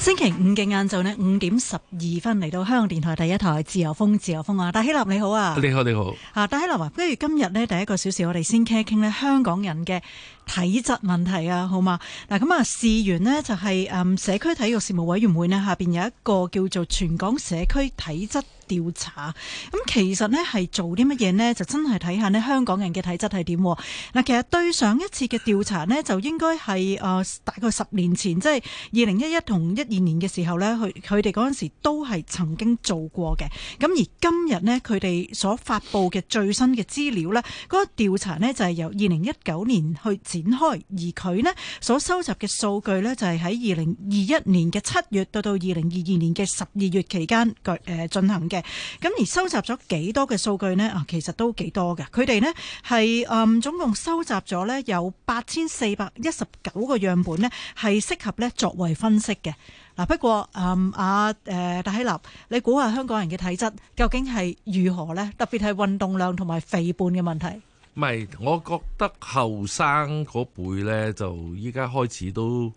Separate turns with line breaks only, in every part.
星期五嘅晏晝呢，五點十二分嚟到香港電台第一台《自由風》，自由風啊！戴希立你好啊，你好你好。你好啊，戴希立啊，跟住今日呢，第一個小時我哋先傾一傾呢香港人嘅體質問題嗎啊，好嘛？嗱咁啊，事緣呢就係、是嗯、社區體育事務委員會呢，下邊有一個叫做全港社區體質。調查咁其實呢係做啲乜嘢呢？就真係睇下呢香港人嘅體質係點。嗱，其實對上一次嘅調查呢，就應該係誒、呃、大概十年前，即係二零一一同一二年嘅時候呢，佢佢哋嗰陣時都係曾經做過嘅。咁而今日呢，佢哋所發布嘅最新嘅資料呢，嗰個調查呢，就係由二零一九年去展開，而佢呢所收集嘅數據呢，就係喺二零二一年嘅七月到到二零二二年嘅十二月期間舉誒進行嘅。咁而收集咗幾多嘅數據呢？啊，其實都幾多嘅。佢哋呢係嗯總共收集咗呢有八千四百一十九個樣本呢，係適合呢作為分析嘅。嗱，不過嗯啊誒，戴希立，你估下香港人嘅體質究竟係如何呢？特別係運動量同埋肥胖嘅問題。
唔係，我覺得後生嗰輩呢，就依家開始都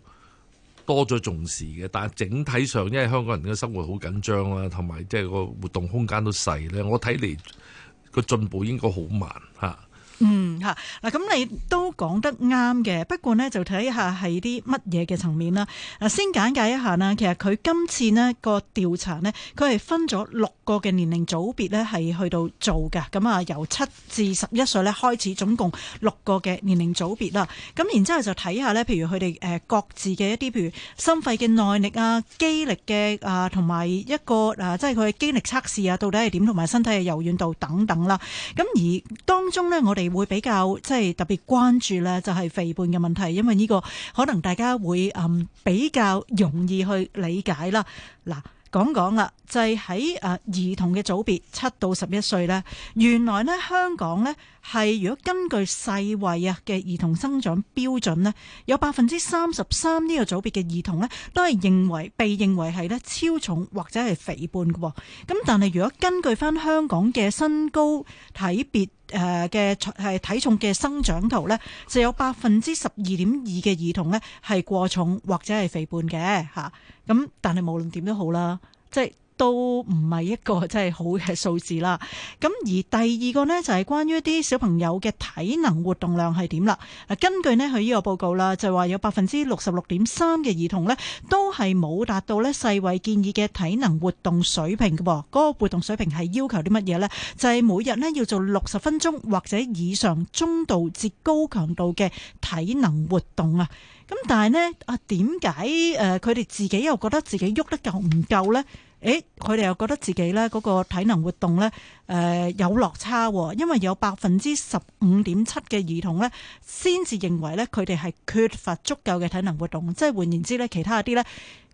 多咗重視嘅，但係整體上，因為香港人嘅生活好緊張啦，同埋即係個活動空間都細咧，我睇嚟個進步應該好慢吓。
嗯吓，嗱咁你都講得啱嘅，不過咧就睇下係啲乜嘢嘅層面啦。嗱，先簡介一下啦，其實佢今次咧個調查咧，佢係分咗六個嘅年齡組別咧，係去到做嘅。咁啊，由七至十一歲咧開始，總共六個嘅年齡組別啦。咁然之後就睇下咧，譬如佢哋誒各自嘅一啲，譬如心肺嘅耐力啊、肌力嘅啊，同埋一個啊，即係佢嘅肌力測試啊，到底係點，同埋身體嘅柔軟度等等啦。咁而當中咧，我哋會比較即係特別關注呢，就係、是、肥胖嘅問題，因為呢個可能大家會誒、嗯、比較容易去理解啦。嗱，講講啦，就係喺誒兒童嘅組別，七到十一歲呢，原來呢，香港呢，係如果根據世衛啊嘅兒童生長標準呢，有百分之三十三呢個組別嘅兒童呢，都係認為被認為係呢超重或者係肥胖㗎、喔。咁但係如果根據返香港嘅身高體別。誒嘅係體重嘅生長圖咧，就有百分之十二點二嘅兒童咧係過重或者係肥胖嘅嚇。咁但係無論點都好啦，即係。都唔係一個真係好嘅數字啦。咁而第二個呢，就係、是、關於啲小朋友嘅體能活動量係點啦。啊，根據呢，佢呢個報告啦，就話有百分之六十六點三嘅兒童呢，都係冇達到呢世衛建議嘅體能活動水平嘅喎。嗰、那個活動水平係要求啲乜嘢呢？就係、是、每日呢，要做六十分鐘或者以上中度至高強度嘅體能活動啊。咁但係呢，啊，點解誒佢哋自己又覺得自己喐得夠唔夠呢？誒，佢哋又覺得自己呢嗰個體能活動呢，誒有落差，因為有百分之十五點七嘅兒童呢先至認為呢，佢哋係缺乏足夠嘅體能活動，即係換言之呢，其他啲呢，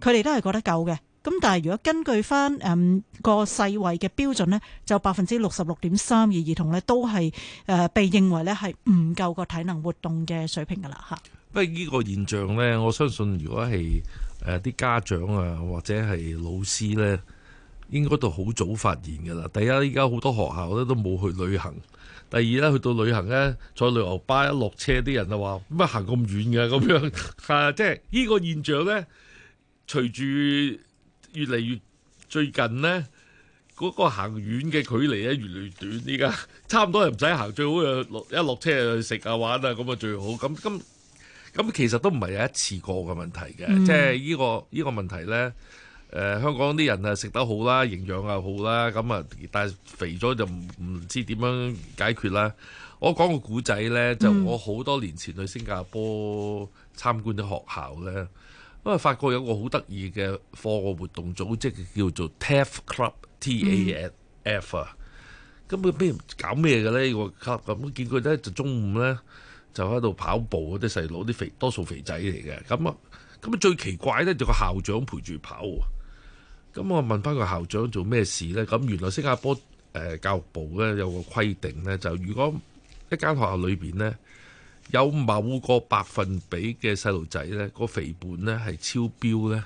佢哋都係覺得夠嘅。咁但係如果根據翻誒個世衞嘅標準呢，就百分之六十六點三嘅兒童呢都係誒被認為呢係唔夠個體能活動嘅水平噶啦嚇。
不過呢個現象呢，我相信如果係誒啲、啊、家長啊，或者係老師咧，應該都好早發現㗎啦。第一，依家好多學校咧都冇去旅行；第二咧，去到旅行咧，坐旅遊巴一落車，啲人就話：乜行咁遠嘅、啊、咁樣？嚇、 啊，即係呢個現象咧，隨住越嚟越最近咧，嗰、嗰個行遠嘅距離咧越嚟越短。依家差唔多係唔使行，最好就落一落車就食啊玩啊，咁啊最好。咁今咁其實都唔係一次過嘅問題嘅，嗯、即係呢、呢個依、呢個問題呢。誒、呃、香港啲人啊食得好啦，營養又好啦，咁啊但係肥咗就唔唔知點樣解決啦。我講個古仔呢，就係、我好多年前去新加坡參觀啲學校呢，因為發覺有一個好得意嘅課外活動組織叫做 TAF Club T A F，咁佢邊搞咩嘅呢？呢個 club 咁見佢呢就中午呢。就喺度跑步嗰啲細佬，啲肥多數肥仔嚟嘅，咁啊，咁啊最奇怪咧，就個校長陪住跑。咁我問翻個校長做咩事咧？咁原來新加坡誒、呃、教育部咧有個規定咧，就如果一間學校裏邊咧有某個百分比嘅細路仔咧，個肥胖咧係超標咧，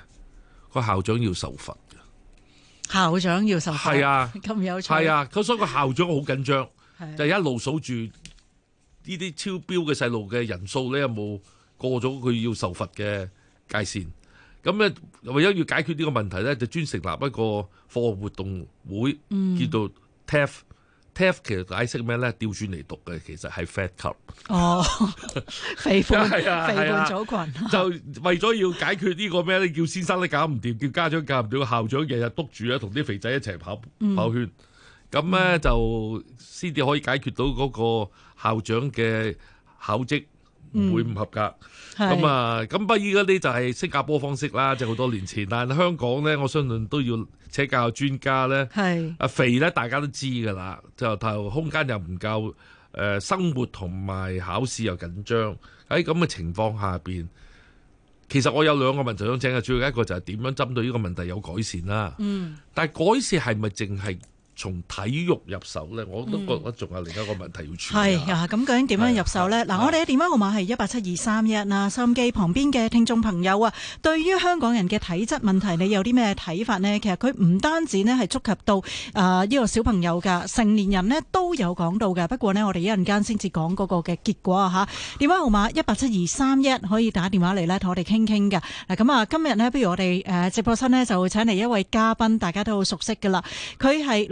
個校長要受罰嘅。
校長要受罰，係啊，咁有趣係啊，
咁所以個校長好緊張，啊、就一路數住。呢啲超標嘅細路嘅人數咧有冇過咗佢要受罰嘅界線？咁咧為咗要解決呢個問題咧，就專成立一個課外活動會，叫做 TAF。TAF 其實解釋咩咧？調轉嚟讀嘅其實係 Fat Club。
哦，肥胖肥胖組羣。
就為咗要解決呢個咩咧？叫先生都搞唔掂，叫家長教唔到，校長日日督住啊，同啲肥仔一齊跑跑圈。咁呢，嗯、就先至可以解決到嗰個校長嘅考績唔會唔合格、嗯。咁啊，咁不依嗰啲就係新加坡方式啦，即係好多年前。但係香港呢，我相信都要請教專家呢。係是肥呢，大家都知㗎啦，就太空間又唔夠，誒、呃、生活同埋考試又緊張。喺咁嘅情況下邊，其實我有兩個問題想請。主要一個就係點樣針對呢個問題有改善啦。嗯、但係改善係咪淨係？從體育入手咧，我都覺得仲有另一個問題要處理。係
咁、嗯、究竟點樣入手呢？嗱、啊，我哋嘅電話號碼係一八七二三一啦，收音機旁邊嘅聽眾朋友啊，對於香港人嘅體質問題，你有啲咩睇法呢？其實佢唔單止呢係觸及到誒呢、呃呢個小朋友㗎，成年人呢都有講到嘅。不過呢，我哋一陣間先至講嗰個嘅結果啊吓，電話號碼一八七二三一，31，可以打電話嚟咧，同我哋傾傾㗎。嗱咁啊，今日呢，不如我哋誒直播室呢，就請嚟一位嘉賓，大家都好熟悉㗎啦。佢係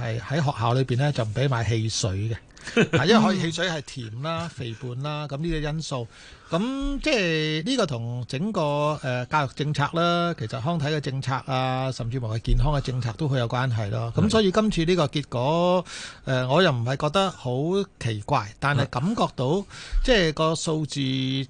係喺學校裏邊咧就唔俾買汽水嘅，嗱，因為汽水係甜啦、 肥胖啦，咁呢啲因素。咁即係呢、這個同整個誒、呃、教育政策啦，其實康體嘅政策啊，甚至乎係健康嘅政策都好有關係咯。咁的所以今次呢個結果，誒、呃、我又唔係覺得好奇怪，但係感覺到的即係、這個數字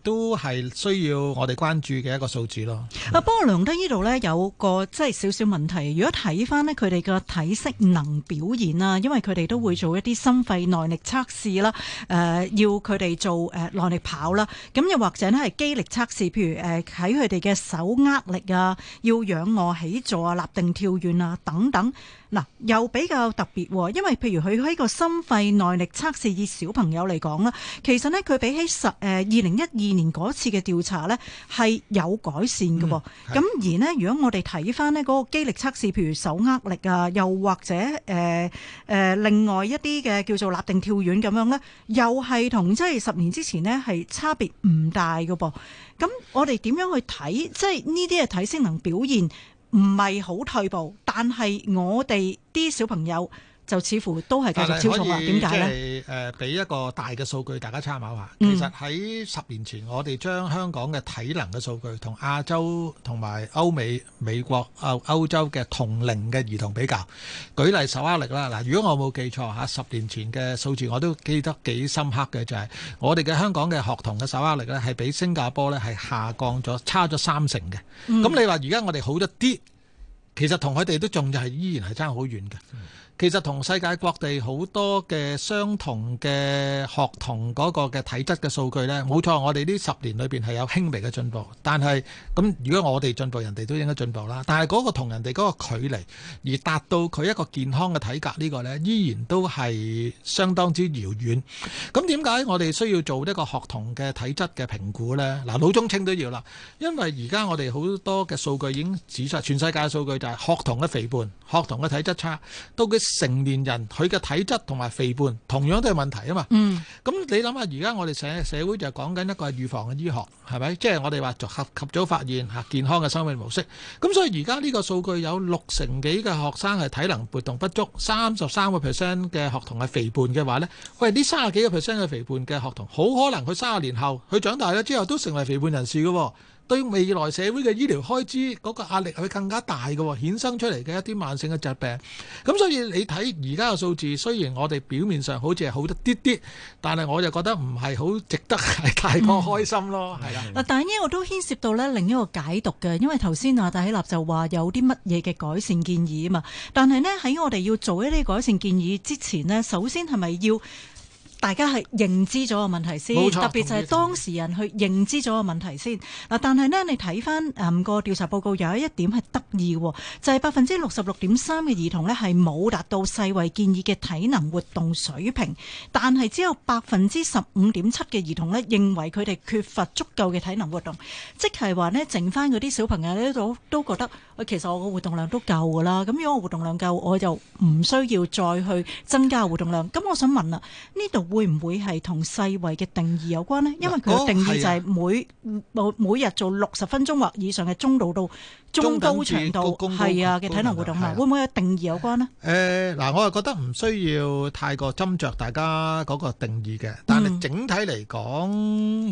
都係需要我哋關注嘅一個數字咯。
啊的，不過梁德呢度咧有個即係少少問題，如果睇翻咧佢哋嘅體適能表現啦，因為佢哋都會做一啲心肺耐力測試啦，誒、呃、要佢哋做誒、呃、耐力跑啦，咁。又或者呢係肌力測試，譬如誒喺佢哋嘅手握力啊、要仰臥起坐啊、立定跳遠啊等等。嗱，又比較特別喎，因為譬如佢喺個心肺耐力測試以小朋友嚟講啦，其實呢，佢比起十誒二零一二年嗰次嘅調查呢，係有改善㗎。噃、嗯。咁而呢，如果我哋睇翻呢嗰個肌力測試，譬如手握力啊，又或者誒、呃呃、另外一啲嘅叫做立定跳遠咁樣呢，又係同即係十年之前呢係差別唔大㗎。噃。咁我哋點樣去睇？即係呢啲係睇性能表現。唔係好退步，但係我哋啲小朋友。就似乎都係繼續超重啊？點解
咧？誒，俾一個大嘅數據，大家參考下。其實喺十年前，我哋將香港嘅體能嘅數據同亞洲同埋歐美美國歐洲嘅同齡嘅兒童比較，舉例手握力啦。嗱，如果我冇記錯嚇，十年前嘅數字我都記得幾深刻嘅，就係我哋嘅香港嘅學童嘅手握力咧，係比新加坡咧係下降咗，差咗三成嘅。咁你話而家我哋好咗啲，其實同佢哋都仲就係依然係差好遠嘅。其實同世界各地好多嘅相同嘅學童嗰個嘅體質嘅數據呢，冇錯，我哋呢十年裏邊係有輕微嘅進步。但係咁，如果我哋進步，人哋都應該進步啦。但係嗰個同人哋嗰個距離，而達到佢一個健康嘅體格呢個呢，依然都係相當之遙遠。咁點解我哋需要做呢個學童嘅體質嘅評估呢？嗱，老中青都要啦，因為而家我哋好多嘅數據已經指出，全世界嘅數據就係學童嘅肥胖、學童嘅體質差，到嘅。成年人佢嘅體質同埋肥胖同樣都係問題啊嘛。嗯，咁你諗下，而家我哋社社會就係講緊一個係預防嘅醫學，係咪？即係我哋話及及早發現嚇健康嘅生命模式。咁所以而家呢個數據有六成幾嘅學生係體能活動不足，三十三個 percent 嘅學童係肥胖嘅話咧，喂，呢三十幾個 percent 嘅肥胖嘅學童，好可能佢三十年後佢長大咗之後都成為肥胖人士㗎喎。對未來社會嘅醫療開支嗰個壓力係更加大嘅喎。哦，衍生出嚟嘅一啲慢性嘅疾病，咁所以你睇而家嘅數字，雖然我哋表面上好似係好得啲啲，但係我就覺得唔係好值得係太過開心咯，係啦。
嗱，但係呢，我都牽涉到呢另一個解讀嘅，因為頭先啊戴喜立就話有啲乜嘢嘅改善建議啊嘛，但係呢喺我哋要做一啲改善建議之前呢，首先係咪要？大家係認知咗個問題先，冇錯，特別就係當事人去認知咗個問題先嗱。但係呢，你睇翻誒個調查報告有一,一點係得意，就係百分之六十六點三嘅兒童呢係冇達到世衛建議嘅體能活動水平，但係只有百分之十五點七嘅兒童呢認為佢哋缺乏足夠嘅體能活動，即係話呢，剩翻嗰啲小朋友呢都都覺得。其實我個活動量都夠㗎啦，咁如果我活動量夠，我就唔需要再去增加活動量。咁、嗯嗯嗯、我想問啦，呢度會唔會係同世衛嘅定義有關呢？因為佢定義就係每、哦是啊、每日做六十分鐘或以上嘅中度到中高強度係啊嘅體能活動啊，動啊會唔會有定義有關呢？
誒嗱、嗯呃，我係覺得唔需要太過斟酌大家嗰個定義嘅，但係整體嚟講，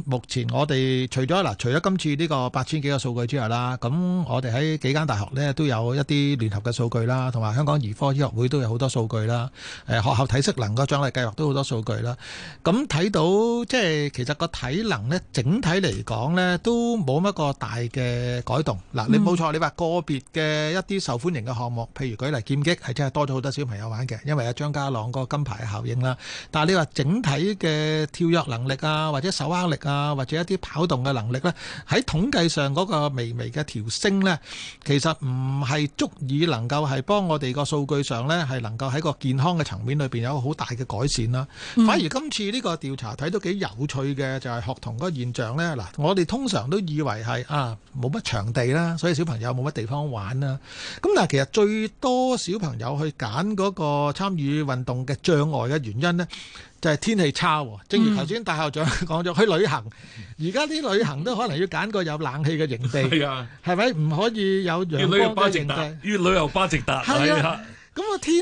目前我哋除咗嗱，除咗今次呢個八千幾個數據之外啦，咁我哋喺幾間大學咧都有一啲聯合嘅數據啦，同埋香港兒科醫學會都有好多數據啦。誒學校體適能嘅獎勵計劃都好多數據啦。咁睇到即係其實個體能咧，整體嚟講咧都冇乜個大嘅改動。嗱，你冇錯，你話個別嘅一啲受歡迎嘅項目，譬如舉例劍擊，係真係多咗好多小朋友玩嘅，因為阿張家朗個金牌嘅效應啦。但係你話整體嘅跳躍能力啊，或者手握力啊，或者一啲跑動嘅能力咧，喺統計上嗰個微微嘅調升咧，其實。唔係足以能夠係幫我哋個數據上呢，係能夠喺個健康嘅層面裏邊有個好大嘅改善啦。反而今次呢個調查睇到幾有趣嘅，就係學童嗰個現象呢。嗱，我哋通常都以為係啊冇乜場地啦，所以小朋友冇乜地方玩啦。咁嗱，其實最多小朋友去揀嗰個參與運動嘅障礙嘅原因呢，就係天氣差，正如頭先大校長講咗，嗯、去旅行而家啲旅行都可能要揀個有冷氣嘅營地，係咪唔可以有陽光嘅營地，
要旅遊巴直達，要旅遊巴直達。
係啊，咁啊天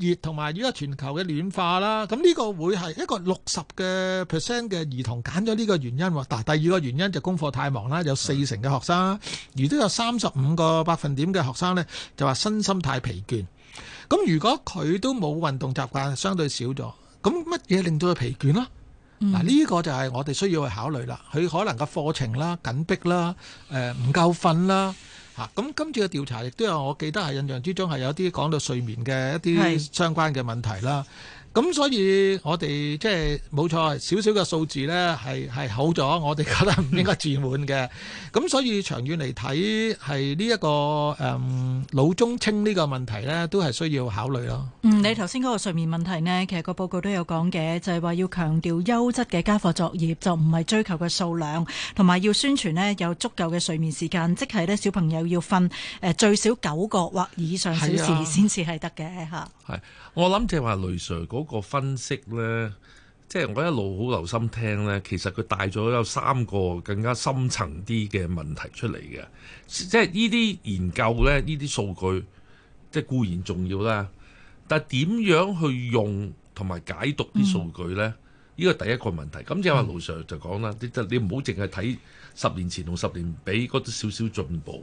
氣熱同埋而家全球嘅暖化啦，咁呢個會係一個六十嘅 percent 嘅兒童揀咗呢個原因。嗱、啊，第二個原因就功課太忙啦，有四成嘅學生，而都有三十五個百分點嘅學生呢，就話身心太疲倦。咁如果佢都冇運動習慣，相對少咗。咁乜嘢令到佢疲倦啦？嗱、嗯，呢個就係我哋需要去考慮啦。佢可能個課程啦緊迫啦，誒唔夠瞓啦嚇。咁、啊、今次嘅調查亦都有，我記得係印象之中係有啲講到睡眠嘅一啲相關嘅問題啦。咁所以我哋即係冇錯，少少嘅數字呢，係係好咗，我哋覺得唔應該自滿嘅。咁 所以長遠嚟睇，係呢一個誒、嗯、老中青呢個問題呢，都係需要考慮咯。
嗯，你頭先嗰個睡眠問題呢，其實個報告都有講嘅，就係、是、話要強調優質嘅家課作業，就唔係追求嘅數量，同埋要宣傳呢有足夠嘅睡眠時間，即係呢小朋友要瞓誒最少九個或以上小時先至係得嘅吓。
係，我諗就係話雷 Sir 嗰個分析呢，即係我一路好留心聽呢。其實佢帶咗有三個更加深層啲嘅問題出嚟嘅，即係呢啲研究呢，呢啲數據即係固然重要啦，但點樣去用同埋解讀啲數據呢？呢個、嗯、第一個問題，咁即係話雷 Sir 就講啦，嗯、你唔好淨係睇十年前同十年比嗰啲少少進步，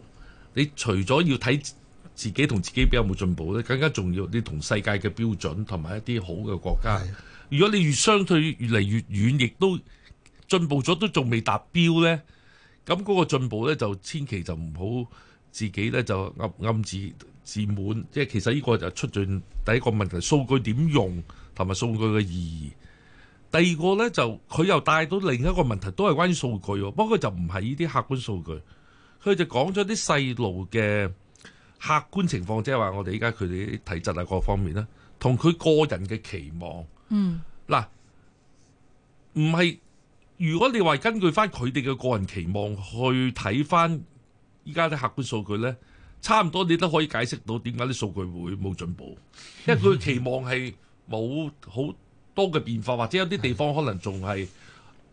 你除咗要睇。自己同自己比較有冇進步呢，更加重要，你同世界嘅標準同埋一啲好嘅國家，的如果你越相對越嚟越遠，亦都進步咗，都仲未達標呢。咁嗰個進步呢，就千祈就唔好自己呢，就暗暗自自滿。即係其實呢個就出盡第一個問題，數據點用同埋數據嘅意義。第二個呢，就佢又帶到另一個問題，都係關於數據喎。不過就唔係呢啲客觀數據，佢就講咗啲細路嘅。客觀情況即係話，就是、我哋依家佢哋啲體質啊，各方面啦，同佢個人嘅期望，嗯，嗱，唔係，如果你話根據翻佢哋嘅個人期望去睇翻依家啲客觀數據咧，差唔多你都可以解釋到點解啲數據會冇進步，因為佢期望係冇好多嘅變化，或者有啲地方可能仲係。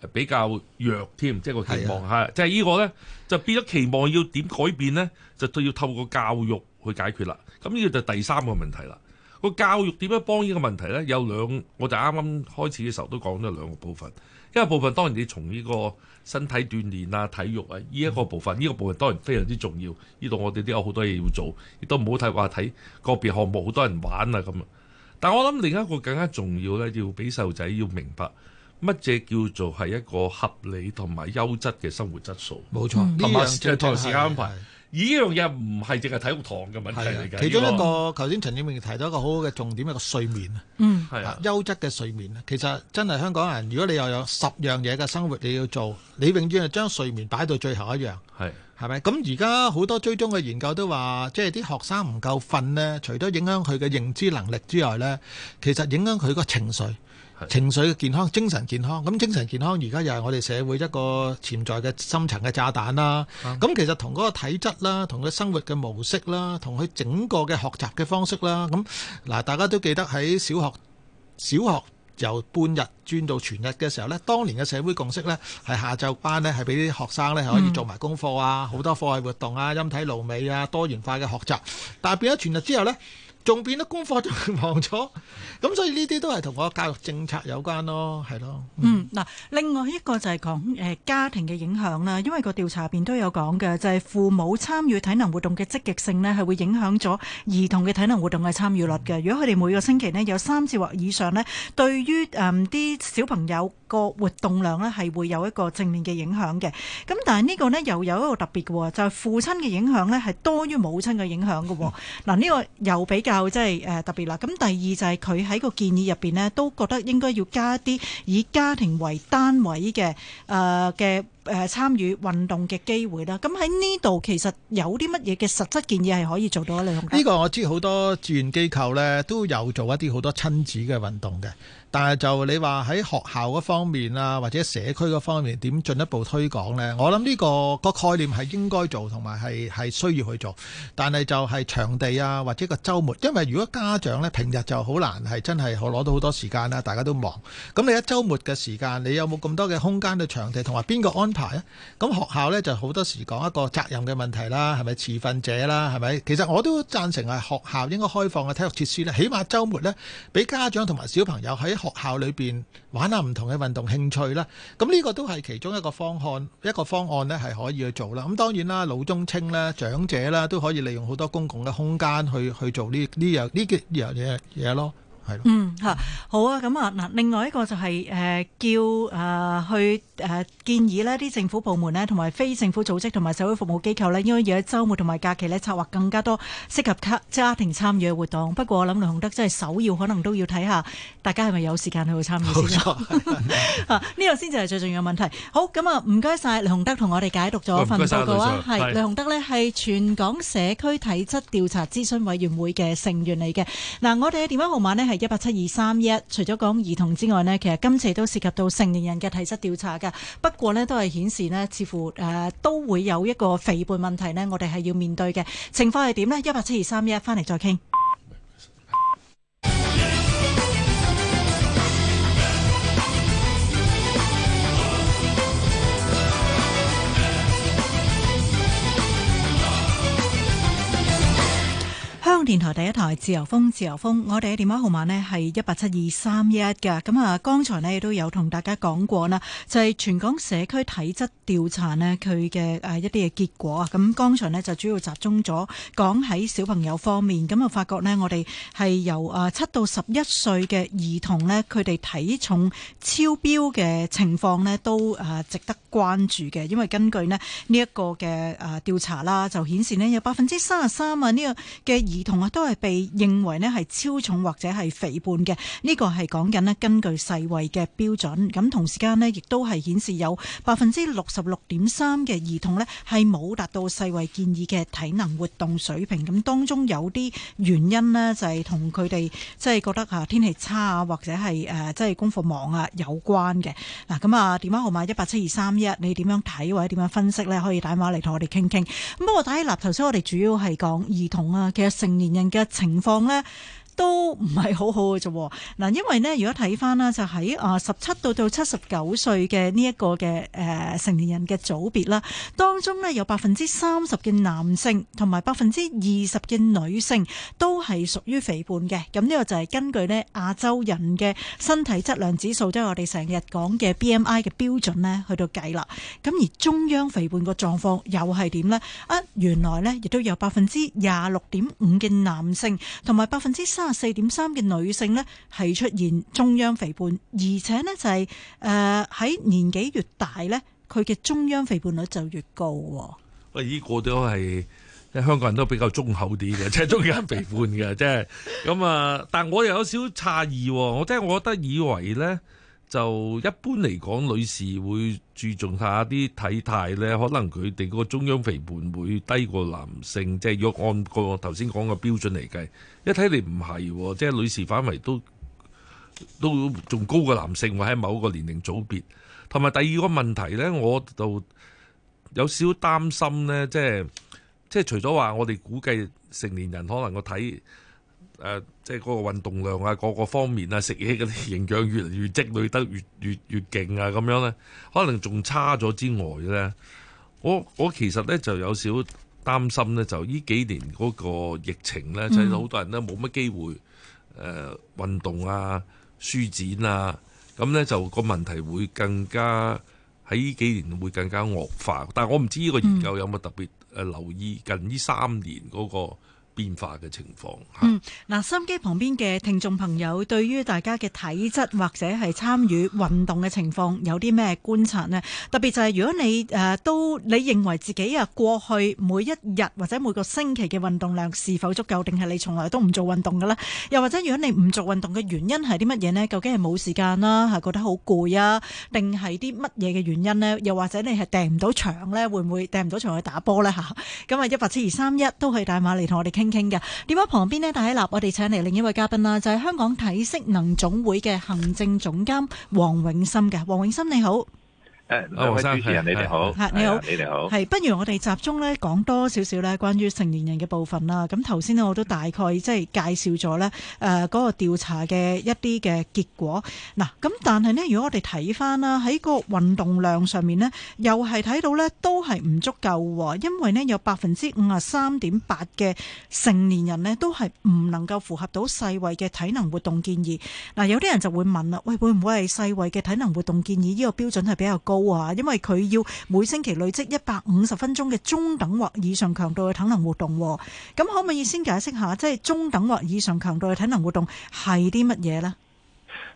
比較弱添，即、就、係、係、個期望係，即係呢個呢，就變咗期望要點改變呢？就都要透過教育去解決啦。咁呢個就第三個問題啦。個教育點樣幫呢個問題呢？有兩，我就啱啱開始嘅時候都講咗兩個部分。一個部分當然你從呢個身體鍛煉啊、體育啊呢、呢個、一個部分，呢、嗯、個部分當然非常之重要。呢度我哋都有好多嘢要做，亦都唔好睇話睇個別項目好多人玩啊咁啊。但我諗另一個更加重要呢，要俾細路仔要明白。乜嘢叫做係一個合理同埋優質嘅生活質素？冇錯，呢樣嘢同時間安排，呢樣嘢唔係淨係體育堂嘅問題。其中一個
頭先為陳展明提到一個好好嘅重點，一個睡眠啊，
嗯，
係啊的，優質嘅睡眠啊，其實真係香港人，如果你又有十樣嘢嘅生活你要做，你永遠係將睡眠擺到最後一樣，係係咪的？咁而家好多追蹤嘅研究都話，即係啲學生唔夠瞓呢，除咗影響佢嘅認知能力之外呢，其實影響佢個情緒。情緒嘅健康、精神健康，咁精神健康而家又係我哋社會一個潛在嘅深層嘅炸彈啦。咁、嗯、其實同嗰個體質啦、同佢生活嘅模式啦、同佢整個嘅學習嘅方式啦，咁嗱，大家都記得喺小學、小學由半日轉到全日嘅時候呢，當年嘅社會共識呢係下晝班呢，係俾啲學生呢可以做埋功課啊，好多課外活動啊、音體勞美啊、多元化嘅學習，但係變咗全日之後呢。仲變得功課就忙咗，咁所以呢啲都係同我教育政策有關咯，係咯。嗯，
嗱、嗯，另外一個就係講家庭嘅影響啦，因為個調查入面都有講嘅，就係、是、父母參與體能活動嘅積極性呢係會影響咗兒童嘅體能活動嘅參與率嘅。如果佢哋每個星期呢，有三次或以上呢，對於啲、嗯、小朋友，個活動量咧，係會有一個正面嘅影響嘅，咁但係呢個呢，又有一個特別嘅，就係父親嘅影響呢，係多於母親嘅影響嘅。嗱，呢個又比較即係誒特別啦。咁第二就係佢喺個建議入邊呢，都覺得應該要加啲以家庭為單位嘅誒嘅誒參與運動嘅機會啦。咁喺呢度其實有啲乜嘢嘅實質建議係可以做到咧？
呢個我知好多志願機構呢，都有做一啲好多親子嘅運動嘅。但係就你話喺學校嗰方面啦，或者社區嗰方面點進一步推廣呢？我諗呢個個概念係應該做同埋係係需要去做，但係就係場地啊，或者個週末，因為如果家長呢，平日就好難係真係攞到好多時間啦，大家都忙。咁你一周末嘅時間，你有冇咁多嘅空間嘅場地同埋邊個安排咧？咁學校呢就好多時講一個責任嘅問題啦，係咪持份者啦，係咪？其實我都贊成係學校應該開放嘅體育設施呢，起碼週末呢，俾家長同埋小朋友喺學校裏邊玩下唔同嘅運動興趣啦，咁呢個都係其中一個方向，一個方案呢係可以去做啦。咁當然啦，老中青啦、長者啦，都可以利用好多公共嘅空間去去做呢呢樣呢啲樣嘢嘢咯。
嗯嚇、啊，好啊咁啊嗱，另外一個就係誒叫誒去誒、呃、建議呢啲政府部門呢，同埋非政府組織同埋社會服務機構呢。應該要喺週末同埋假期呢，策劃更加多適合家家庭參與嘅活動。不過我諗雷雄德真係首要，可能都要睇下大家係咪有時間，去參與先呢個先至係最重要嘅問題。好咁啊，唔該晒。雷雄德同我哋解讀咗份報告啊。係雷雄德呢係全港社區體質調查諮詢委員會嘅成員嚟嘅。嗱、啊，我哋嘅電話號碼呢。係一八七二三一，1，除咗講兒童之外呢，其實今次都涉及到成年人嘅體質調查㗎。不過呢，都係顯示呢，似乎誒、呃、都會有一個肥胖問題呢，我哋係要面對嘅情況係點呢？一八七二三一，翻嚟再傾。香港電台第一台自由風，自由風，我哋嘅電話號碼咧係一八七二三一嘅。咁啊，剛才咧都有同大家講過啦，就係全港社區體質調查咧，佢嘅誒一啲嘅結果啊。咁剛才咧就主要集中咗講喺小朋友方面，咁啊發覺咧，我哋係由啊七到十一歲嘅兒童咧，佢哋體重超標嘅情況咧都啊值得關注嘅。因為根據咧呢一個嘅誒調查啦，就顯示咧有百分之三十三啊呢個嘅兒童。同啊都係被認為咧係超重或者係肥胖嘅，呢個係講緊咧根據世衛嘅標準。咁同時間呢，亦都係顯示有百分之六十六點三嘅兒童呢，係冇達到世衛建議嘅體能活動水平。咁當中有啲原因呢，就係同佢哋即係覺得啊天氣差啊，或者係誒即係功課忙啊有關嘅。嗱咁啊電話號碼一八七二三一，你點樣睇或者點樣分析呢？可以打電話嚟同我哋傾傾。咁不過打起立，頭先我哋主要係講兒童啊，其實成。年人嘅情況咧，都唔係好好嘅啫，嗱，因為咧，如果睇翻啦，就喺啊十七到到七十九歲嘅呢一個嘅誒成年人嘅組別啦，當中咧有百分之三十嘅男性同埋百分之二十嘅女性都係屬於肥胖嘅。咁呢個就係根據咧亞洲人嘅身體質量指數，即係我哋成日講嘅 BMI 嘅標準咧去到計啦。咁而中央肥胖個狀況又係點咧？啊，原來咧亦都有百分之廿六點五嘅男性同埋百分之三。卅十四點三嘅女性呢係出現中央肥胖，而且呢就係誒喺年紀越大呢，佢嘅中央肥胖率就越高，哦。
喂，依個都係，即係香港人都比較中厚啲嘅，即、就、係、是、中央肥胖嘅，即係咁啊！但我又有少少詫異，哦，我真係我覺得以為呢。就一般嚟講，女士會注重下啲體態呢，可能佢哋嗰個中央肥胖會低過男性。即係若按個頭先講嘅標準嚟計，一睇你唔係，即係女士反為都都仲高過男性，會喺某個年齡組別。同埋第二個問題呢，我就有少少擔心呢，即係即係除咗話我哋估計成年人可能個體。誒，即係嗰個運動量啊，各個方面啊，食嘢啲營養越嚟越積累得越越越勁啊，咁樣呢，可能仲差咗之外呢，我我其實呢就有少擔心呢。就呢幾年嗰個疫情呢，就係、是、好多人呢冇乜機會誒運動啊、舒展啊，咁呢，就個問題會更加喺呢幾年會更加惡化。但我唔知呢個研究有冇特別誒留意、嗯、近呢三年嗰、那個。變化嘅情況。
嗯，嗱，收音機旁邊嘅聽眾朋友，對於大家嘅體質或者係參與運動嘅情況有啲咩觀察呢？特別就係如果你誒、啊、都你認為自己啊過去每一日或者每個星期嘅運動量是否足夠，定係你從來都唔做運動嘅呢？又或者如果你唔做運動嘅原因係啲乜嘢呢？究竟係冇時間啦、啊，係覺得好攰啊，定係啲乜嘢嘅原因呢？又或者你係訂唔到場呢？會唔會訂唔到場去打波呢？嚇、啊，咁啊一八七二三一都可以帶埋嚟同我哋傾。傾傾嘅，電話旁邊呢，戴一立？我哋請嚟另一位嘉賓啦，就係香港體適能總會嘅行政總監黃永森嘅。黃永森你好。
主持人，你哋好，
吓你好，你哋好，係，
不如我哋集中咧講多少少咧關於成年人嘅部分啦。咁頭先咧，我都大概即係介紹咗咧誒嗰個調查嘅一啲嘅結果。嗱，咁但係呢，如果我哋睇翻啦，喺個運動量上面呢，又係睇到呢都係唔足夠。因為呢有百分之五十三點八嘅成年人呢都係唔能夠符合到世衛嘅體能活動建議。嗱，有啲人就會問啦，喂，會唔會係世衛嘅體能活動建議呢個標準係比較高？因為佢要每星期累積一百五十分鐘嘅中等或以上強度嘅體能活動，咁可唔可以先解釋下，即係中等或以上強度嘅體能活動係啲乜嘢呢？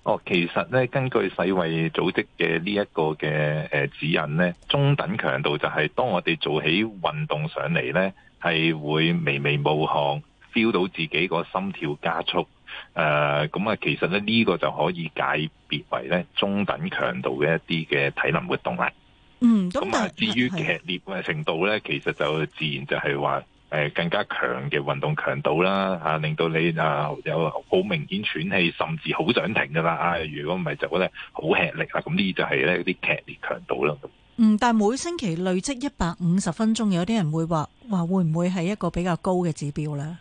哦，其實呢，根據世衛組織嘅呢一個嘅誒指引呢，中等強度就係當我哋做起運動上嚟呢，係會微微冒汗，feel 到自己個心跳加速。誒，咁啊、呃，其實咧呢個就可以解別為咧中等強度嘅一啲嘅體能活動啦。
嗯、咁、嗯、啊，
至於劇烈嘅程度咧，其實就自然就係話誒更加強嘅運動強度啦，吓令到你啊有好明顯喘氣，甚至好想停噶啦。啊，如果唔係就覺得好吃力啦。咁呢啲就係咧啲劇烈強度啦。
嗯，但係每星期累積一百五十分鐘，有啲人會話話會唔會係一個比較高嘅指標咧？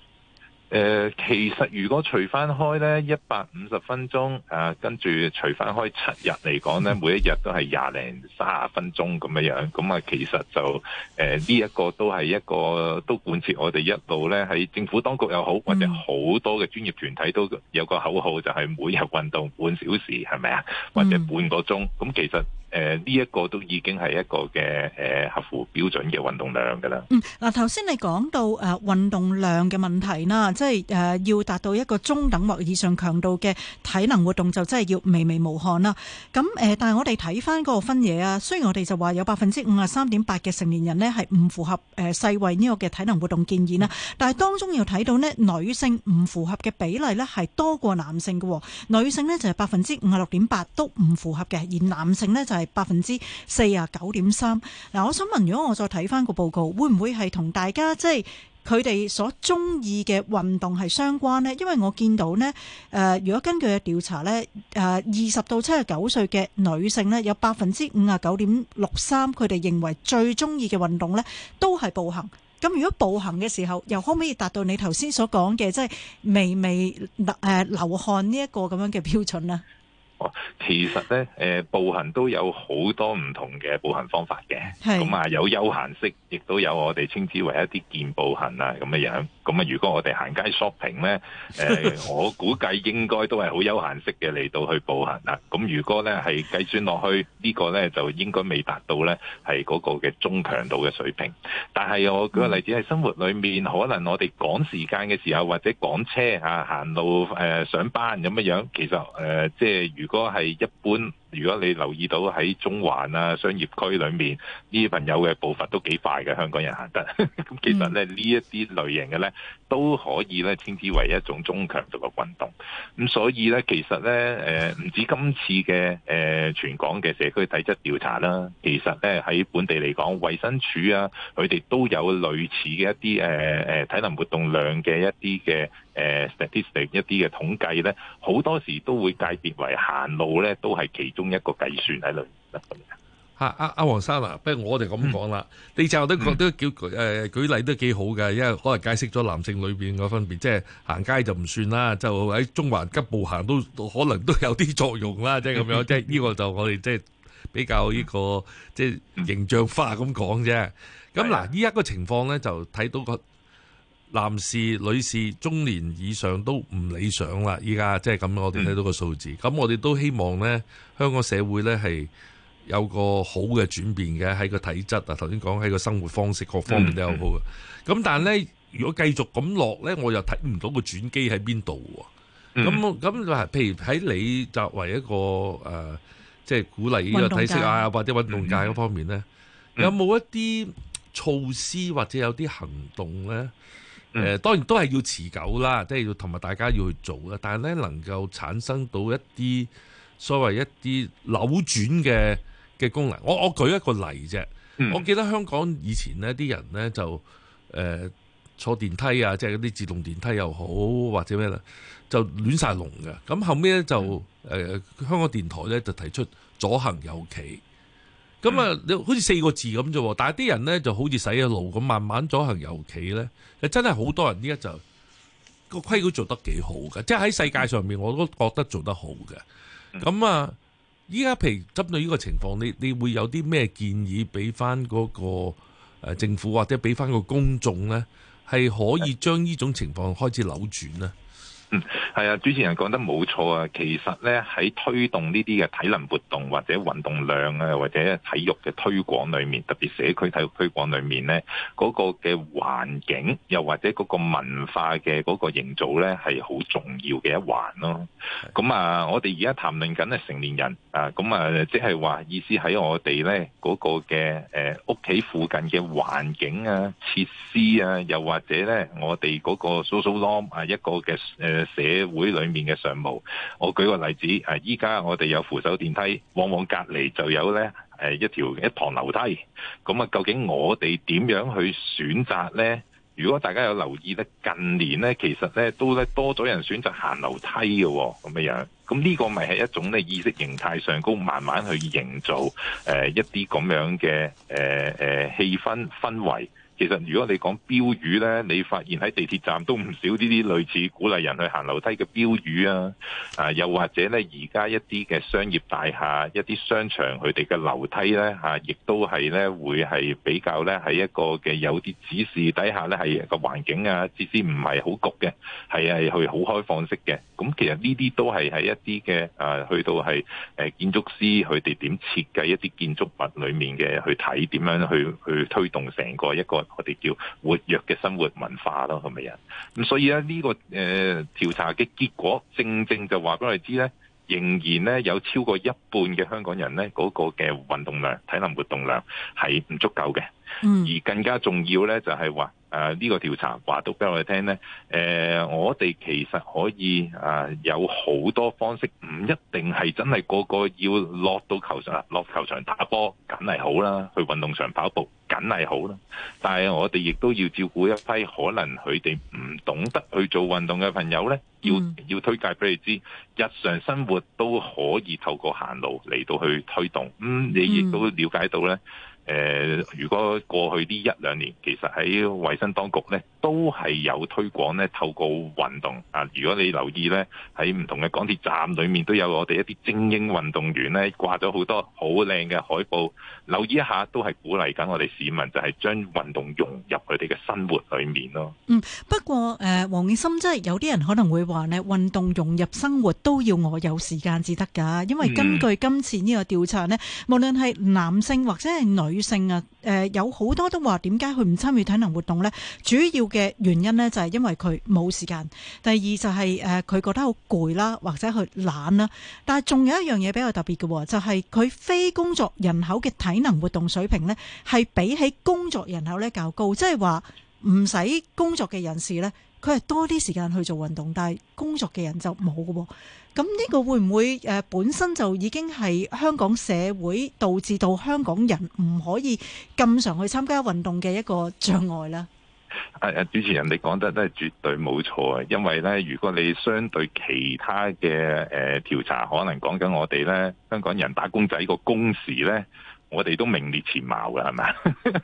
誒、呃，其實如果除翻開咧一百五十分鐘，誒跟住除翻開七日嚟講咧，每一日都係廿零卅分鐘咁樣樣，咁啊其實就誒呢、呃這個、一個都係一個都貫徹我哋一路咧喺政府當局又好，或者好多嘅專業團體都有個口號，就係、是、每日運動半小時，係咪啊？或者半個鐘，咁其實。誒，呢一個都已經係一個嘅誒，合乎標準嘅運動量噶啦。嗯，
嗱，頭先你講到誒運動量嘅問題啦，即係誒要達到一個中等或以上強度嘅體能活動，就真係要微微冒汗啦。咁誒，但係我哋睇翻嗰個分野啊，雖然我哋就話有百分之五十三點八嘅成年人呢係唔符合誒世衛呢個嘅體能活動建議啦，但係當中要睇到呢，女性唔符合嘅比例呢係多過男性嘅，女性呢就係百分之五十六點八都唔符合嘅，而男性呢就係、是。百分之四啊九點三。嗱，我想問，如果我再睇翻個報告，會唔會係同大家即係佢哋所中意嘅運動係相關呢？因為我見到呢，誒，如果根據嘅調查呢，誒，二十到七十九歲嘅女性呢，有百分之五啊九點六三，佢哋認為最中意嘅運動呢都係步行。咁如果步行嘅時候，又可唔可以達到你頭先所講嘅，即係微微誒流汗呢一個咁樣嘅標準呢？
其實咧，誒，步行都有好多唔同嘅步行方法嘅，咁啊是有休閒式，亦都有我哋稱之為一啲健步行啊咁嘅樣。咁啊，如果我哋行街 shopping 咧，誒、 呃，我估計應該都係好休閒式嘅嚟到去步行啦。咁如果咧係計算落去，這個，呢個咧就應該未達到咧係嗰個嘅中強度嘅水平。但係我舉個例子喺生活裏面，嗯、可能我哋趕時間嘅時候或者趕車啊、行路誒、啊、上班咁嘅樣，其實誒即係如果。如果係一般。如果你留意到喺中環啊商業區裏面呢啲朋友嘅步伐都幾快嘅，香港人行得咁， 其實咧呢一啲類型嘅咧都可以咧稱之為一種中強度嘅運動，咁所以咧其實咧誒唔止今次嘅誒全港嘅社區體質調查啦，其實咧喺本地嚟講衛生署啊佢哋都有類似嘅一啲誒誒體能活動量嘅一啲嘅誒 statistic 一啲嘅統計咧，好多時候都會界別為行路咧都係其中。一
個計算喺度啦，吓，阿阿黃生啊，不如我哋咁講啦，嗯、你就都覺都叫誒舉例都幾好嘅，因為可能解釋咗男性裏邊嘅分別，即係行街就唔算啦，就喺中環急步行都可能都有啲作用啦，即係咁樣，即係呢個就我哋即係比較呢個即係形象化咁講啫。咁嗱，依一個情況咧，就睇到個。男士、女士、中年以上都唔理想啦。依家即係咁，我哋睇到個數字。咁、嗯、我哋都希望呢香港社會呢係有個好嘅轉變嘅喺個體質啊。頭先講喺個生活方式各方面都有好嘅。咁、嗯嗯、但係呢，如果繼續咁落呢，我又睇唔到個轉機喺邊度喎。咁咁、嗯，咁咁譬如喺你作為一個誒，即、呃、係、就係、鼓勵運動界啊，或者運動界嗰方面呢，嗯嗯、有冇一啲措施或者有啲行動呢？誒當然都係要持久啦，即係要同埋大家要去做啦。但係咧能夠產生到一啲所謂一啲扭轉嘅嘅功能，我我舉一個例啫。我記得香港以前呢啲人呢，就、呃、誒坐電梯啊，即係嗰啲自動電梯又好或者咩啦，就亂晒龍嘅。咁後尾咧就誒、呃、香港電台咧就提出左行右企。咁啊，嗯、好似四個字咁啫，但係啲人咧就好似洗咗路咁，慢慢左行右企咧，就真係好多人依家就、個規矩做得幾好嘅，即係喺世界上面我都覺得做得好嘅。咁啊，依家譬如針對呢個情況，你你會有啲咩建議俾翻嗰個誒政府或者俾翻個公眾咧，係可以將呢種情況開始扭轉咧？
嗯，係啊，主持人講得冇錯啊。其實咧喺推動呢啲嘅體能活動或者運動量啊，或者體育嘅推廣裏面，特別社區體育推廣裏面咧，嗰個嘅環境又或者嗰個文化嘅嗰個營造咧，係好重要嘅一環咯。咁的啊，我哋而家談論緊係成年人啊，咁啊，即係話意思喺我哋咧嗰個嘅誒屋企附近嘅環境啊、設施啊，又或者咧我哋嗰個 social norm 啊一個嘅誒。呃社會裡面嘅上務，我舉個例子，誒依家我哋有扶手電梯，往往隔離就有呢誒一條一堂樓梯，咁啊究竟我哋點樣去選擇呢？如果大家有留意咧，近年呢其實咧都咧多咗人選擇行樓梯嘅咁嘅樣，咁呢個咪係一種咧意識形態上高慢慢去營造誒一啲咁樣嘅誒誒氣氛氛圍。其實如果你講標語呢，你發現喺地鐵站都唔少呢啲類似鼓勵人去行樓梯嘅標語啊！啊，又或者呢，而家一啲嘅商業大廈、一啲商場佢哋嘅樓梯呢，亦、啊、都係呢，會係比較呢，喺一個嘅有啲指示底下呢，係個環境啊設施唔係好焗嘅，係係去好開放式嘅。咁其實呢啲都係喺一啲嘅啊，去到係建築師佢哋點設計一啲建築物裏面嘅去睇點樣去去推動成個一個。我哋叫活躍嘅生活文化咯，係咪啊？咁所以咧，呢個誒調查嘅結果，正正就話俾我哋知咧，仍然咧有超過一半嘅香港人咧，嗰個嘅運動量、體能活動量係唔足夠嘅。嗯，而更加重要咧，就係話。啊！呢、這個調查話到俾我哋聽呢，誒、呃，我哋其實可以啊，有好多方式，唔一定係真係個個要落到球場、落球場打波，梗係好啦，去運動場跑步，梗係好啦。但係我哋亦都要照顧一批可能佢哋唔懂得去做運動嘅朋友呢，要、嗯、要推介俾你知，日常生活都可以透過行路嚟到去推動。嗯，你亦都了解到呢。嗯嗯誒、呃，如果過去呢一兩年，其實喺衞生當局呢，都係有推廣咧，透過運動啊。如果你留意呢，喺唔同嘅港鐵站裏面，都有我哋一啲精英運動員呢，掛咗好多好靚嘅海報。留意一下，都係鼓勵緊我哋市民，就係將運動融入佢哋嘅生活裏面咯。嗯、
不過誒，黃、呃、永森真係有啲人可能會話呢，運動融入生活都要我有時間至得㗎。因為根據今次呢個調查呢、嗯、無論係男性或者係女。女性啊，誒、呃，有好多都話點解佢唔參與體能活動呢？主要嘅原因呢，就係、是、因為佢冇時間。第二就係、是、誒，佢、呃、覺得好攰啦，或者佢懶啦。但係仲有一樣嘢比較特別嘅，就係、是、佢非工作人口嘅體能活動水平呢，係比起工作人口呢較高。即係話唔使工作嘅人士呢。佢係多啲時間去做運動，但係工作嘅人就冇嘅喎。咁呢個會唔會，誒，本身就已經係香港社會導致到香港人唔可以咁常去參加運動嘅一個障礙呢？誒
誒、啊，主持人你講得都係絕對冇錯嘅，因為呢，如果你相對其他嘅誒、呃、調查，可能講緊我哋呢，香港人打工仔個工時呢。我哋都名列前茅噶，係咪啊？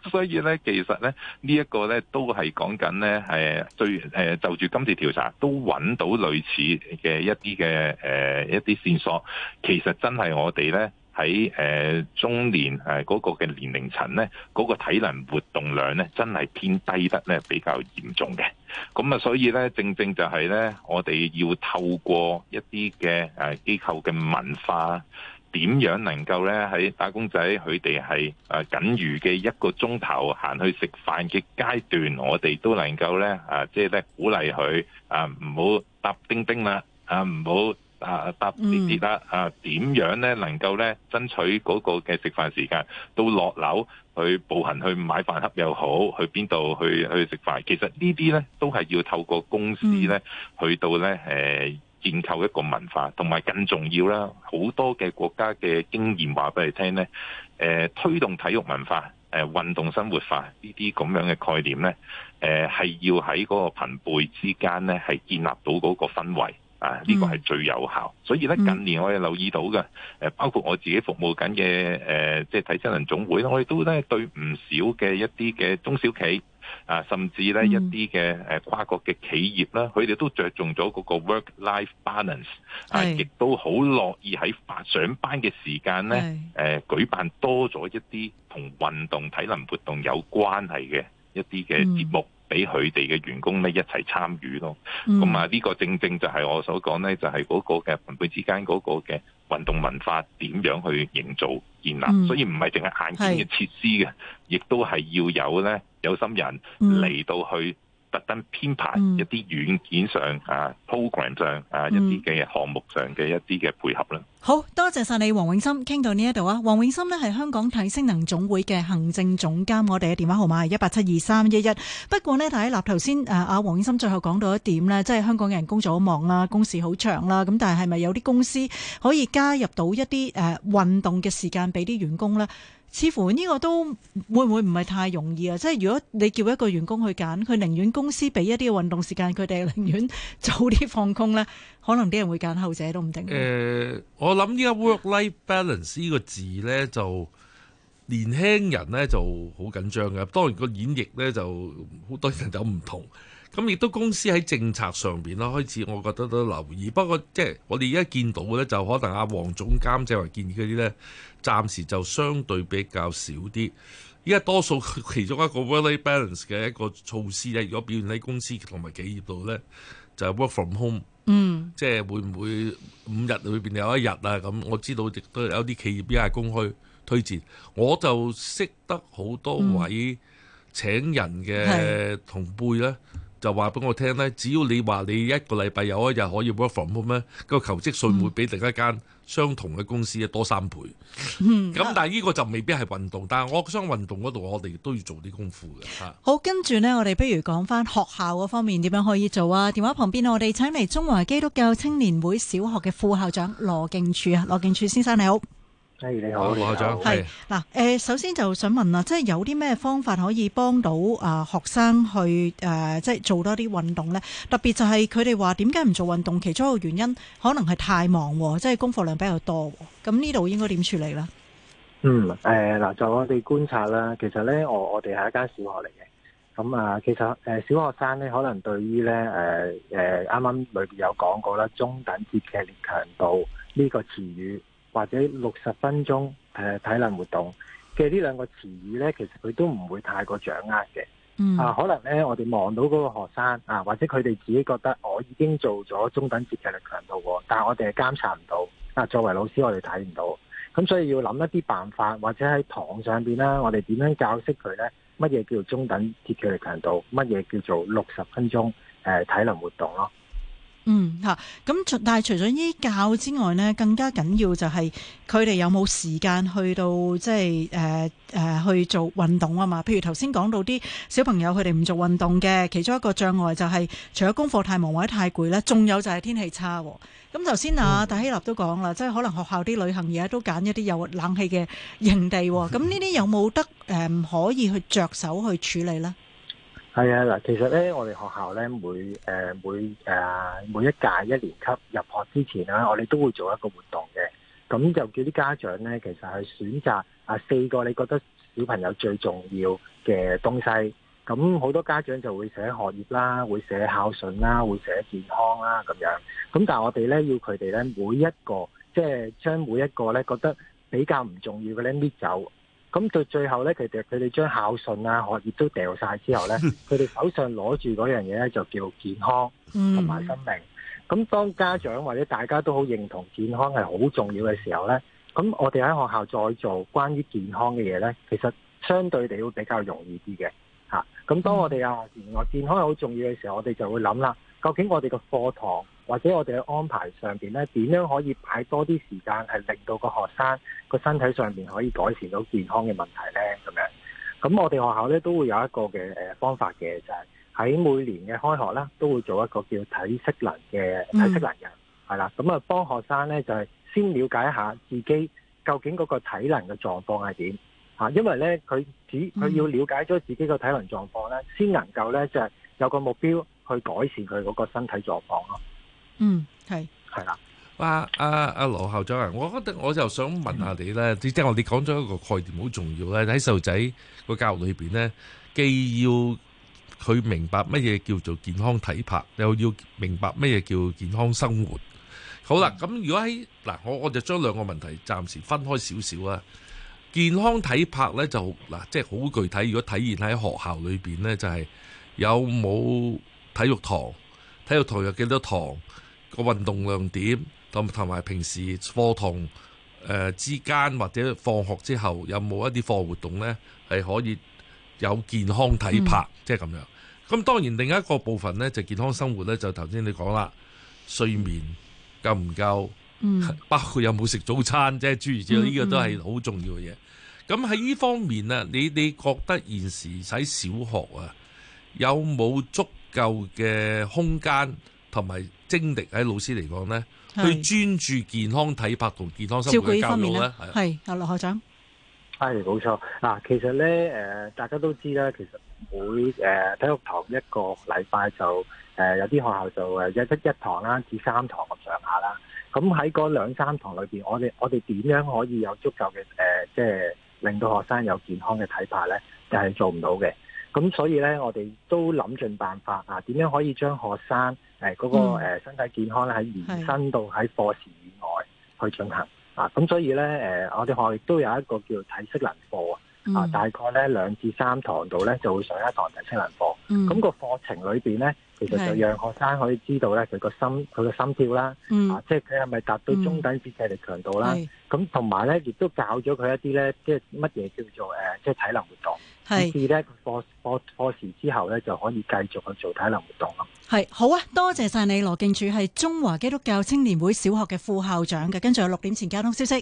所以咧，其實咧呢一、這個咧都係講緊咧，係最、呃、就住今次調查都揾到類似嘅一啲嘅、呃、一啲線索。其實真係我哋咧喺中年嗰、呃那個嘅年齡層咧，嗰、那個體能活動量咧真係偏低得咧比較嚴重嘅。咁啊，所以咧正正就係咧，我哋要透過一啲嘅誒機構嘅文化。點樣能夠咧喺打工仔佢哋係誒僅餘嘅一個鐘頭行去食飯嘅階段，我哋都能夠咧誒，即係咧鼓勵佢啊，唔好搭叮叮啦，啊唔好啊搭地鐵啦，啊點樣咧能夠咧爭取嗰個嘅食飯時間，到落樓去步行去買飯盒又好，去邊度去去食飯，其實呢啲咧都係要透過公司咧去到咧誒。建構一個文化，同埋更重要啦，好多嘅國家嘅經驗話俾你聽咧。誒推動體育文化、誒運動生活化呢啲咁樣嘅概念咧，誒係要喺嗰個朋輩之間咧，係建立到嗰個氛圍啊！呢個係最有效。所以咧近年我哋留意到嘅，誒包括我自己服務緊嘅誒，即係體適能總會啦，我哋都咧對唔少嘅一啲嘅中小企。啊，甚至咧一啲嘅誒跨國嘅企業啦，佢哋、嗯、都着重咗嗰個 work-life balance，啊，亦都好樂意喺上上班嘅時間咧，誒是的 舉辦多咗一啲同運動體能活動有關係嘅一啲嘅節目。嗯俾佢哋嘅員工咧一齊參與咯，咁啊呢個正正就係我所講咧，就係嗰個嘅分配之間嗰個嘅運動文化點樣去營造建立，嗯、所以唔係淨係硬件嘅設施嘅，亦是都係要有咧有心人嚟到去特登編排一啲軟件上、嗯、啊 program 上啊、嗯、一啲嘅項目上嘅一啲嘅配合啦。
好多謝晒你，黃永森，傾到呢一度啊。黃永森呢係香港體適能總會嘅行政總監，我哋嘅電話號碼係一八七二三一一。不過呢，睇家立頭先啊阿黃永森最後講到一點啦，即係香港嘅人工作好忙啦，工時好長啦。咁但係係咪有啲公司可以加入到一啲誒運動嘅時間俾啲員工呢？似乎呢個都會唔會唔係太容易啊？即係如果你叫一個員工去揀，佢寧願公司俾一啲運動時間，佢哋寧願早啲放工呢。可能啲人會揀後者都唔定、呃。
我諗依家 work-life balance 呢個字咧，就年輕人咧就好緊張嘅。當然個演繹咧，就好多人有唔同。咁亦都公司喺政策上面啦，開始我覺得都留意。不過即係、就是、我哋而家見到咧，就可能阿黃總監正係話建議嗰啲咧，暫時就相對比較少啲。依家多數其中一個 work-life balance 嘅一個措施咧，如果表現喺公司同埋企業度咧，就係 work from home，嗯，即係會唔會五日裏邊有一日啊？咁我知道亦都有啲企業依家係公開推薦，我就識得好多位請人嘅同輩咧。就話俾我聽咧，只要你話你一個禮拜有一日可以 work from home 個求職率會比另一間相同嘅公司、嗯、多三倍。
咁、嗯、但
係呢個就未必係運動，但係我想運動嗰度我哋都要做啲功夫嘅嚇。
好，跟住呢，我哋不如講翻學校嗰方面點樣可以做啊？電話旁邊我哋請嚟中華基督教青年會小學嘅副校長羅勁柱啊，羅勁柱先生你好。
Hey, 你好，羅校長係
嗱，誒是、呃，首先就想問啦，即係有啲咩方法可以幫到啊、呃、學生去誒、呃，即係做多啲運動咧？特別就係佢哋話，點解唔做運動？其中一個原因可能係太忙，即係功課量比較多。咁呢度應該點處理咧、
嗯呃？嗯，誒，嗱，就我哋觀察啦，其實咧，我我哋係一間小學嚟嘅。咁啊，其實誒，小學生咧，可能對於咧，誒、呃、誒，啱啱裏邊有講過啦，中等至劇烈強度呢個詞語。或者六十分鐘誒體能活動嘅，其實呢兩個詞語咧，其實佢都唔會太過掌握嘅。嗯，啊，可能咧，我哋望到嗰個學生啊，或者佢哋自己覺得我已經做咗中等節劇力強度喎，但我哋係監察唔到。啊，作為老師我哋睇唔到。咁所以要諗一啲辦法，或者喺堂上面啦、啊，我哋點樣教識佢咧？乜嘢叫做中等節劇力強度？乜嘢叫做六十分鐘誒、啊、體能活動咯？
嗯吓，咁但係除咗依教之外呢，更加緊要就係佢哋有冇時間去到即係誒誒去做運動啊嘛？譬如頭先講到啲小朋友佢哋唔做運動嘅，其中一個障礙就係除咗功課太忙或者太攰啦，仲有就係天氣差喎。咁頭先啊戴希立都講啦，即係可能學校啲旅行而家都揀一啲有冷氣嘅營地喎。咁呢啲有冇得誒唔可以去着手去處理呢？
係啊，嗱，其實咧，我哋學校咧每誒每誒每一屆一年級入學之前啦，我哋都會做一個活動嘅，咁就叫啲家長咧，其實係選擇啊四個你覺得小朋友最重要嘅東西，咁好多家長就會寫學業啦，會寫孝順啦，會寫健康啦咁樣，咁但係我哋咧要佢哋咧每一個即係將每一個咧覺得比較唔重要嘅咧搣走。咁到最後咧，其實佢哋將孝順啊、學業都掉晒之後咧，佢哋 手上攞住嗰樣嘢咧，就叫健康同埋生命。咁、嗯、當家長或者大家都好認同健康係好重要嘅時候咧，咁我哋喺學校再做關於健康嘅嘢咧，其實相對地會比較容易啲嘅嚇。咁當我哋啊，原來健康係好重要嘅時候，我哋就會諗啦、啊，究竟我哋嘅課堂，或者我哋嘅安排上邊咧，點樣可以擺多啲時間，係令到個學生個身體上邊可以改善到健康嘅問題咧？咁樣，咁我哋學校咧都會有一個嘅誒方法嘅，就係、是、喺每年嘅開學啦，都會做一個叫體適能嘅體適能嘅，係啦、mm.，咁啊幫學生咧就係、是、先了解一下自己究竟嗰個體能嘅狀況係點啊，因為咧佢只佢要了解咗自己個體能狀況咧，先、mm. 能夠咧就係、是、有個目標去改善佢嗰個身體狀況咯。
嗯，係，
係啦、啊。啊，阿阿羅校長啊，我覺得我就想問下你咧，即係我你講咗一個概念好重要咧，喺細路仔個教育裏邊呢，既要佢明白乜嘢叫做健康體魄，又要明白乜嘢叫做健康生活。好啦，咁、嗯、如果喺嗱，我我就將兩個問題暫時分開少少啊。健康體魄呢，就嗱，即係好具體。如果體現喺學校裏邊呢，就係有冇體育堂，體育堂有幾多堂？個運動量點同，同埋平時課堂誒之間，或者放學之後有冇一啲課活動呢？係可以有健康體魄，即係咁樣。咁當然另一個部分呢，就健康生活呢，就頭先你講啦，睡眠夠唔夠？嗯，包括有冇食早餐，即係諸如此類，呢個都係好重要嘅嘢。咁喺呢方面啊，你你覺得現時喺小學啊，有冇足夠嘅空間同埋？精力喺老師嚟講咧，去專注健康體魄同健康生活嘅教育咧，係啊，羅校長，係冇
錯啊。其實咧，誒，大家都知啦。其實每誒體育堂一個禮拜就誒有啲學校就誒一一堂啦，至三堂咁上下啦。咁喺嗰兩三堂裏邊，我哋我哋點樣可以有足夠嘅誒，即係令到學生有健康嘅體魄咧，就係做唔到嘅。咁所以咧，我哋都諗盡辦法啊，點樣可以將學生誒嗰、啊那個誒、啊、身體健康咧，喺延伸到喺課的時以外去進行啊？咁所以咧，誒、啊，我哋學亦都有一個叫體適能課啊。啊，嗯、大概咧兩至三堂度咧就會上一堂嘅體能課。咁個課程裏邊咧，其實就讓學生可以知道咧佢個心佢個的心跳啦。嗯、啊，即係佢係咪達到中等至劇烈強度啦？咁同埋咧，亦都教咗佢一啲咧，即係乜嘢叫做誒，即係體能活動。係的，是咧課課課時之後咧就可以繼續去做體能活動咯。
係，好啊，多謝晒你，羅勁柱係中華基督教青年會小學嘅副校長嘅。跟住有六點前交通消息。